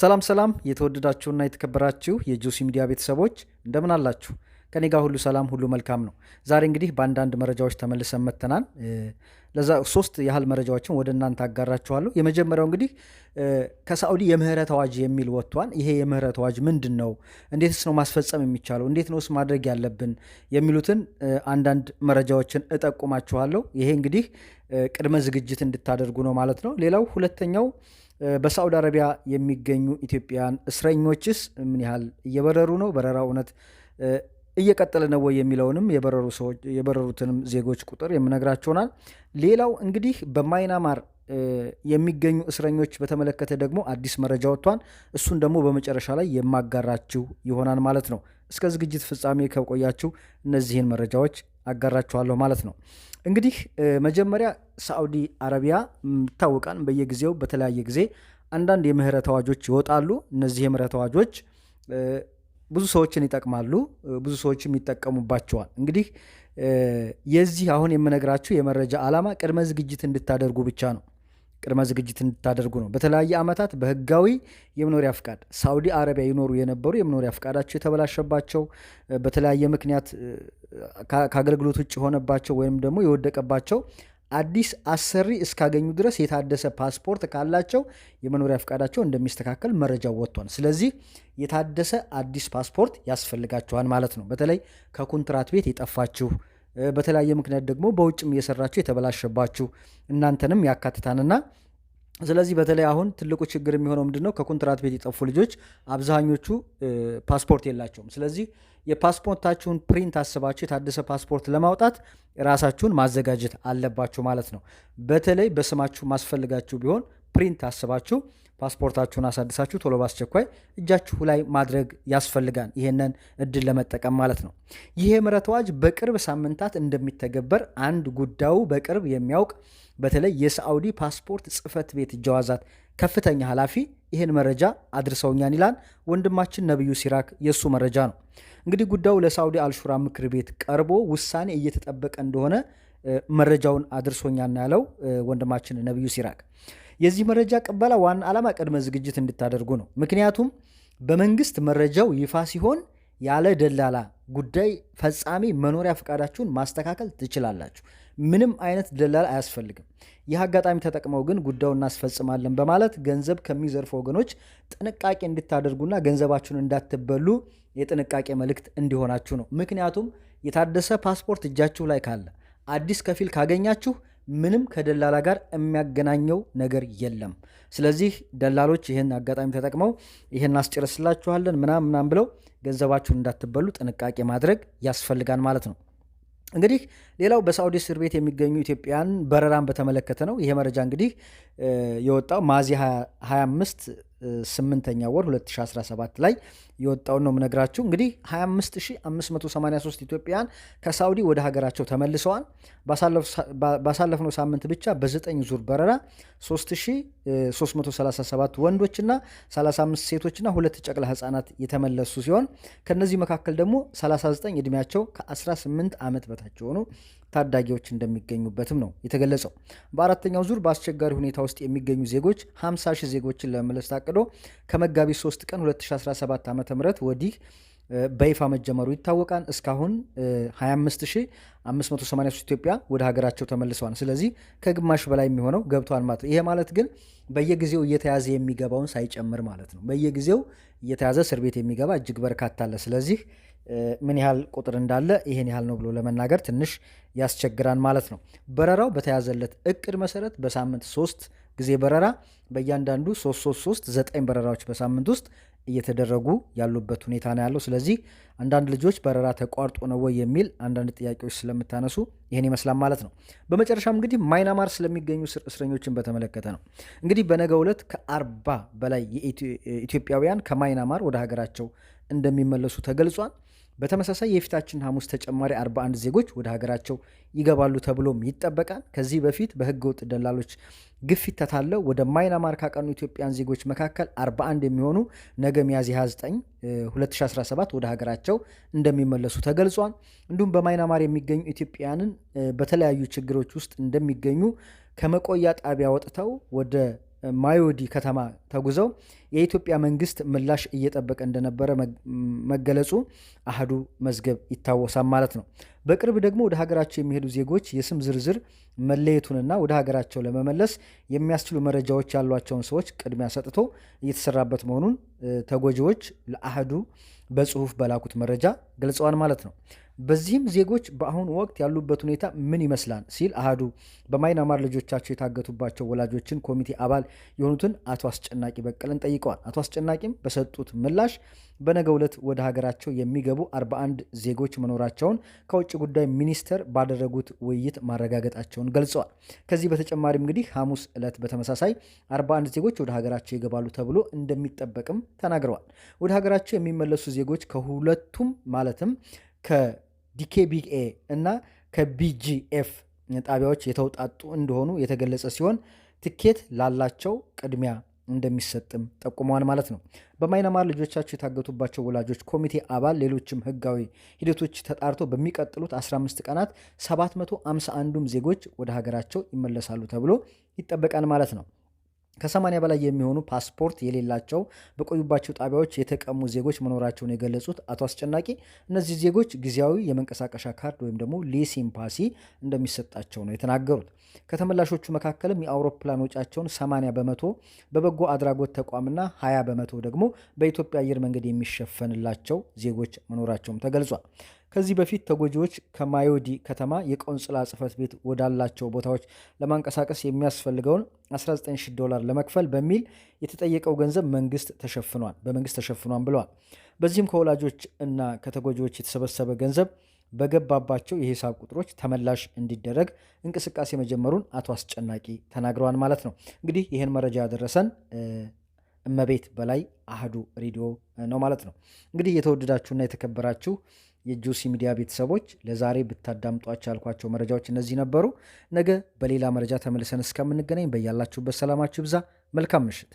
ሰላም ሰላም የተወደዳችሁና የተከበራችሁ የጁሲ ሚዲያ ቤተሰቦች እንደምን አላችሁ? ከኔ ጋር ሁሉ ሰላም፣ ሁሉ መልካም ነው። ዛሬ እንግዲህ በአንዳንድ መረጃዎች ተመልሰን መጥተናል። ለዛ ሶስት ያህል መረጃዎችን ወደ እናንተ አጋራችኋለሁ። የመጀመሪያው እንግዲህ ከሳዑዲ የምህረት አዋጅ የሚል ወጥቷል። ይሄ የምህረት አዋጅ ምንድን ነው? እንዴትስ ነው ማስፈጸም የሚቻለው? እንዴት ነውስ ማድረግ ያለብን? የሚሉትን አንዳንድ መረጃዎችን እጠቁማችኋለሁ። ይሄ እንግዲህ ቅድመ ዝግጅት እንድታደርጉ ነው ማለት ነው። ሌላው ሁለተኛው በሳዑዲ አረቢያ የሚገኙ ኢትዮጵያውያን እስረኞችስ ምን ያህል እየበረሩ ነው? በረራ እውነት እየቀጠለ ነው ወይ የሚለውንም የበረሩ ሰዎች የበረሩትንም ዜጎች ቁጥር የምነግራችሁናል። ሌላው እንግዲህ በማይናማር የሚገኙ እስረኞች በተመለከተ ደግሞ አዲስ መረጃ ወጥቷል። እሱን ደግሞ በመጨረሻ ላይ የማጋራችሁ ይሆናል ማለት ነው። እስከ ዝግጅት ፍጻሜ ከቆያችሁ እነዚህን መረጃዎች አጋራችኋለሁ ማለት ነው። እንግዲህ መጀመሪያ ሳዑዲ አረቢያ ይታወቃል። በየጊዜው በተለያየ ጊዜ አንዳንድ የምህረት አዋጆች ይወጣሉ። እነዚህ የምህረት አዋጆች ብዙ ሰዎችን ይጠቅማሉ፣ ብዙ ሰዎችም ይጠቀሙባቸዋል። እንግዲህ የዚህ አሁን የምነግራችሁ የመረጃ ዓላማ ቅድመ ዝግጅት እንድታደርጉ ብቻ ነው። ቅድመ ዝግጅት እንድታደርጉ ነው። በተለያየ ዓመታት በህጋዊ የመኖሪያ ፍቃድ ሳውዲ አረቢያ ይኖሩ የነበሩ የመኖሪያ ፍቃዳቸው የተበላሸባቸው፣ በተለያየ ምክንያት ከአገልግሎት ውጭ የሆነባቸው ወይም ደግሞ የወደቀባቸው አዲስ አሰሪ እስካገኙ ድረስ የታደሰ ፓስፖርት ካላቸው የመኖሪያ ፍቃዳቸው እንደሚስተካከል መረጃው ወጥቷል። ስለዚህ የታደሰ አዲስ ፓስፖርት ያስፈልጋችኋል ማለት ነው። በተለይ ከኮንትራት ቤት የጠፋችሁ በተለያየ ምክንያት ደግሞ በውጭም እየሰራችሁ የተበላሸባችሁ እናንተንም ያካትታንና ስለዚህ በተለይ አሁን ትልቁ ችግር የሚሆነው ምንድን ነው? ከኮንትራት ቤት የጠፉ ልጆች አብዛኞቹ ፓስፖርት የላቸውም። ስለዚህ የፓስፖርታችሁን ፕሪንት አስባችሁ የታደሰ ፓስፖርት ለማውጣት ራሳችሁን ማዘጋጀት አለባችሁ ማለት ነው። በተለይ በስማችሁ ማስፈልጋችሁ ቢሆን ፕሪንት አስባችሁ ፓስፖርታችሁን አሳድሳችሁ ቶሎ በአስቸኳይ እጃችሁ ላይ ማድረግ ያስፈልጋል። ይህንን እድል ለመጠቀም ማለት ነው። ይህ የምህረት አዋጅ በቅርብ ሳምንታት እንደሚተገበር አንድ ጉዳዩ በቅርብ የሚያውቅ በተለይ የሳዑዲ ፓስፖርት ጽሕፈት ቤት ጀዋዛት ከፍተኛ ኃላፊ ይህን መረጃ አድርሰውኛን ይላል ወንድማችን ነቢዩ ሲራክ። የእሱ መረጃ ነው እንግዲህ ጉዳዩ ለሳዑዲ አልሹራ ምክር ቤት ቀርቦ ውሳኔ እየተጠበቀ እንደሆነ መረጃውን አድርሶኛና ያለው ወንድማችን ነቢዩ ሲራክ የዚህ መረጃ ቅበላ ዋና ዓላማ ቅድመ ዝግጅት እንድታደርጉ ነው። ምክንያቱም በመንግስት መረጃው ይፋ ሲሆን ያለ ደላላ ጉዳይ ፈጻሚ መኖሪያ ፈቃዳችሁን ማስተካከል ትችላላችሁ። ምንም አይነት ደላላ አያስፈልግም። ይህ አጋጣሚ ተጠቅመው ግን ጉዳዩ እናስፈጽማለን በማለት ገንዘብ ከሚዘርፉ ወገኖች ጥንቃቄ እንድታደርጉና ገንዘባችሁን እንዳትበሉ የጥንቃቄ መልእክት እንዲሆናችሁ ነው። ምክንያቱም የታደሰ ፓስፖርት እጃችሁ ላይ ካለ አዲስ ከፊል ካገኛችሁ ምንም ከደላላ ጋር የሚያገናኘው ነገር የለም። ስለዚህ ደላሎች ይህን አጋጣሚ ተጠቅመው ይህን አስጨርስላችኋለን ምናም ምናም ብለው ገንዘባችሁን እንዳትበሉ ጥንቃቄ ማድረግ ያስፈልጋል ማለት ነው። እንግዲህ ሌላው በሳዑዲ እስር ቤት የሚገኙ ኢትዮጵያን በረራን በተመለከተ ነው። ይሄ መረጃ እንግዲህ የወጣው ሚያዝያ 25 ስምንተኛ ወር 2017 ላይ የወጣውን ነው የምነግራችሁ። እንግዲህ 25583 ኢትዮጵያውያን ከሳውዲ ወደ ሀገራቸው ተመልሰዋል። ባሳለፍነው ሳምንት ብቻ በ9 ዙር በረራ 3337 ወንዶችና 35 ሴቶችና ሁለት ጨቅላ ህጻናት የተመለሱ ሲሆን ከእነዚህ መካከል ደግሞ 39 እድሜያቸው ከ18 ዓመት በታች የሆኑ ታዳጊዎች እንደሚገኙበትም ነው የተገለጸው። በአራተኛው ዙር በአስቸጋሪ ሁኔታ ውስጥ የሚገኙ ዜጎች 50 ሺህ ዜጎችን ለመመለስ ታቅዶ ከመጋቢት 3 ቀን 2017 ዓ ም ወዲህ በይፋ መጀመሩ ይታወቃል። እስካሁን 25583 ኢትዮጵያ ወደ ሀገራቸው ተመልሰዋል። ስለዚህ ከግማሽ በላይ የሚሆነው ገብተዋል ማለት ነው። ይሄ ማለት ግን በየጊዜው እየተያዘ የሚገባውን ሳይጨምር ማለት ነው። በየጊዜው እየተያዘ እስር ቤት የሚገባ እጅግ በርካታ አለ። ስለዚህ ምን ያህል ቁጥር እንዳለ ይሄን ያህል ነው ብሎ ለመናገር ትንሽ ያስቸግራል ማለት ነው። በረራው በተያዘለት እቅድ መሰረት በሳምንት ሶስት ጊዜ በረራ በእያንዳንዱ 333 ዘጠኝ በረራዎች በሳምንት ውስጥ እየተደረጉ ያሉበት ሁኔታ ነው ያለው። ስለዚህ አንዳንድ ልጆች በረራ ተቋርጦ ነው ወይ የሚል አንዳንድ ጥያቄዎች ስለምታነሱ ይህን ይመስላል ማለት ነው። በመጨረሻም እንግዲህ ማይናማር ስለሚገኙ እስረኞችን በተመለከተ ነው። እንግዲህ በነገው ዕለት ከአርባ በላይ ኢትዮጵያውያን ከማይናማር ወደ ሀገራቸው እንደሚመለሱ ተገልጿል። በተመሳሳይ የፊታችን ሐሙስ ተጨማሪ 41 ዜጎች ወደ ሀገራቸው ይገባሉ ተብሎም ይጠበቃል። ከዚህ በፊት በህገወጥ ደላሎች ግፊት ተታለው ወደ ማይናማር ካቀኑ ኢትዮጵያን ዜጎች መካከል 41 የሚሆኑ ነገ ሚያዝያ 29 2017 ወደ ሀገራቸው እንደሚመለሱ ተገልጿል። እንዲሁም በማይናማር የሚገኙ ኢትዮጵያንን በተለያዩ ችግሮች ውስጥ እንደሚገኙ ከመቆያ ጣቢያ ወጥተው ወደ ማዮዲ ከተማ ተጉዘው የኢትዮጵያ መንግስት ምላሽ እየጠበቀ እንደነበረ መገለጹ አህዱ መዝገብ ይታወሳል ማለት ነው። በቅርብ ደግሞ ወደ ሀገራቸው የሚሄዱ ዜጎች የስም ዝርዝር መለየቱንና ወደ ሀገራቸው ለመመለስ የሚያስችሉ መረጃዎች ያሏቸውን ሰዎች ቅድሚያ ሰጥቶ እየተሰራበት መሆኑን ተጎጂዎች ለአህዱ በጽሁፍ በላኩት መረጃ ገልጸዋል ማለት ነው። በዚህም ዜጎች በአሁኑ ወቅት ያሉበት ሁኔታ ምን ይመስላል ሲል አህዱ በማይናማር ልጆቻቸው የታገቱባቸው ወላጆችን ኮሚቴ አባል የሆኑትን አቶ አስጨናቂ በቀለን ጠይቀ ጠይቀዋል። አቶ አስጨናቂም በሰጡት ምላሽ በነገ ዕለት ወደ ሀገራቸው የሚገቡ 41 ዜጎች መኖራቸውን ከውጭ ጉዳይ ሚኒስቴር ባደረጉት ውይይት ማረጋገጣቸውን ገልጸዋል። ከዚህ በተጨማሪም እንግዲህ ሐሙስ ዕለት በተመሳሳይ 41 ዜጎች ወደ ሀገራቸው ይገባሉ ተብሎ እንደሚጠበቅም ተናግረዋል። ወደ ሀገራቸው የሚመለሱ ዜጎች ከሁለቱም ማለትም ከዲኬቢኤ እና ከቢጂኤፍ ጣቢያዎች የተውጣጡ እንደሆኑ የተገለጸ ሲሆን ትኬት ላላቸው ቅድሚያ እንደሚሰጥም ጠቁመዋል ማለት ነው። በማይናማር ልጆቻቸው የታገቱባቸው ወላጆች ኮሚቴ አባል ሌሎችም ህጋዊ ሂደቶች ተጣርቶ በሚቀጥሉት 15 ቀናት 751ዱም ዜጎች ወደ ሀገራቸው ይመለሳሉ ተብሎ ይጠበቃል ማለት ነው። ከሰማኒያ በላይ የሚሆኑ ፓስፖርት የሌላቸው በቆዩባቸው ጣቢያዎች የተቀሙ ዜጎች መኖራቸውን የገለጹት አቶ አስጨናቂ እነዚህ ዜጎች ጊዜያዊ የመንቀሳቀሻ ካርድ ወይም ደግሞ ሌሲምፓሲ እንደሚሰጣቸው ነው የተናገሩት። ከተመላሾቹ መካከልም የአውሮፕላን ወጫቸውን 80 በመቶ በበጎ አድራጎት ተቋምና 20 በመቶ ደግሞ በኢትዮጵያ አየር መንገድ የሚሸፈንላቸው ዜጎች መኖራቸውም ተገልጿል። ከዚህ በፊት ተጎጂዎች ከማዮዲ ከተማ የቆንጽላ ጽፈት ቤት ወዳላቸው ቦታዎች ለማንቀሳቀስ የሚያስፈልገውን 190 ዶላር ለመክፈል በሚል የተጠየቀው ገንዘብ መንግስት ተሸፍኗል በመንግስት ተሸፍኗል ብለዋል። በዚህም ከወላጆች እና ከተጎጂዎች የተሰበሰበ ገንዘብ በገባባቸው የሂሳብ ቁጥሮች ተመላሽ እንዲደረግ እንቅስቃሴ መጀመሩን አቶ አስጨናቂ ተናግረዋል ማለት ነው። እንግዲህ ይህን መረጃ ያደረሰን እመቤት በላይ አህዱ ሬዲዮ ነው ማለት ነው። እንግዲህ የተወደዳችሁና የተከበራችሁ የጁሲ ሚዲያ ቤተሰቦች ለዛሬ ብታዳምጧቸው ያልኳቸው መረጃዎች እነዚህ ነበሩ። ነገ በሌላ መረጃ ተመልሰን እስከምንገናኝ በያላችሁበት ሰላማችሁ ብዛ። መልካም ምሽት።